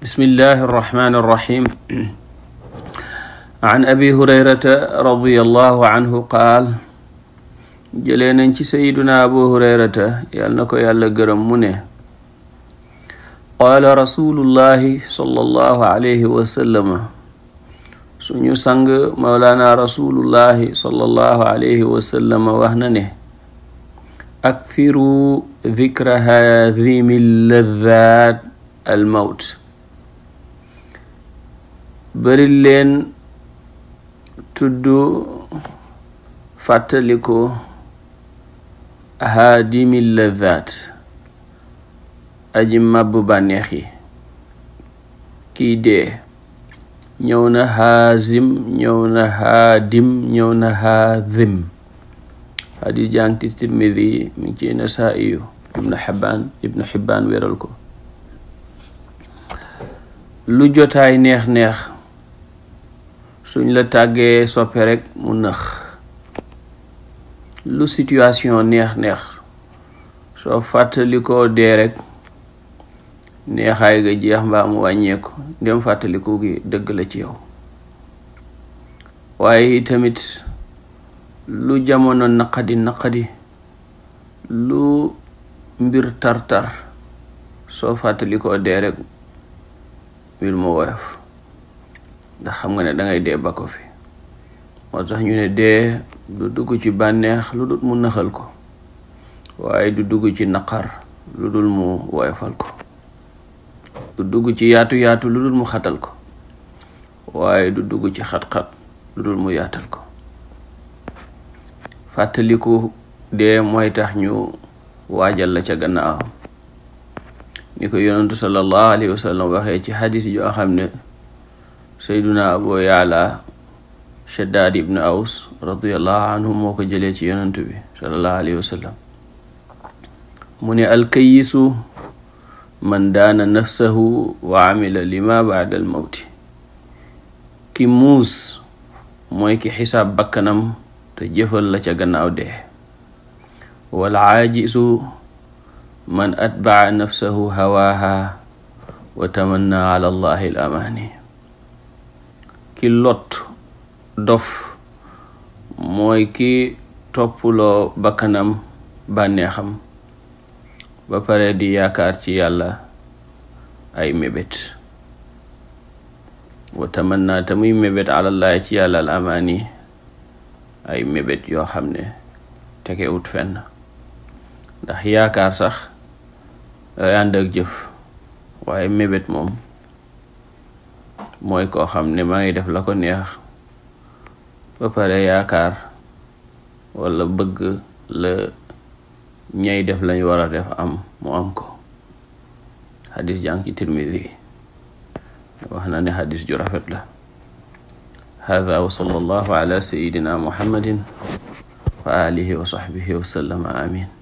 bismillahi arrahmani irrahim an qaal jëlee nañ ci sayiduna abu hurayrata yàl na ko yàlla gërëm mu ne qaala rasulullahi sallallahu alayhi wasallama suñu sang mawlaana rasulullahi sallallahu alayhi wasallama wax na ne akfiru dikra haadimi laddaat al mawt bari leen tudd fàttaliku haadimi lazaat aji màbb bànneex yi kii dee ñëw na haazim ñëw na haadim ñëw na haazim hadis jàng ci tirmidi mi ngi ci nasaa'iyu ibnu xibaan ibnu xibaan wéral ko lu jotaay neex-neex suñ la tàggee soppe rekk mu nëx lu situation neex-neex soo fàttalikoo koo dee rek neexaay ga jeex mbaa mu wàññeeku ndem fàttaliku gi dëgg la ci yow waaye tamit lu jamono naqadi naqadi lu mbir tar-tar soo fàttalikoo dee rek mbir mu woyof ndax xam nga ne dangay dee ba ko fi moo tax ñu ne dee du dugg ci bànneex lu dul mu naxal ko waaye du dugg ci naqar lu dul mu woyofal ko du dugg ci yaatu yaatu lu dul ko waaye du dugg ci xat-xat lu dul mu yaatal ko fàttaliku dee mooy tax ñu waajal la ca gannaawam ni ko yonentu sallallahu alayhi wa sallam waxee ci xadis joo xam ne sayduna abu yaala shaddaad ibnu aws radiallahu anhu moo ko jëlee ci yonentu bi salallahu alayhi wa sallam mu ne alkayisu man daana nafsahu wa amila lima baada al mawti ki muus mooy ki xisaab bakkanam te jëfal la ca gannaaw dee wal aajisu man atbaa nafsahu hawaaha wa tamanna ala allahi ki lot dof mooy ki toppuloo bakkanam bànneexam ba pare di yaakaar ci yàlla ay mébét wa tamanna te muy mébét alallaay ci yàlla al amaani ay mébét yoo xam ne tekewut fenn ndax yaakaar sax day ànd ak jëf waaye mébét moom mooy koo xam ne maa ngi def la ko neex ba pare yaakaar wala bëgg la ñay def lañ war a def am mu am ko xadis jàng ci wax na ne xadis ju rafet la hada wa sallallahu ala sayidina wa alihi wa sahbihi amin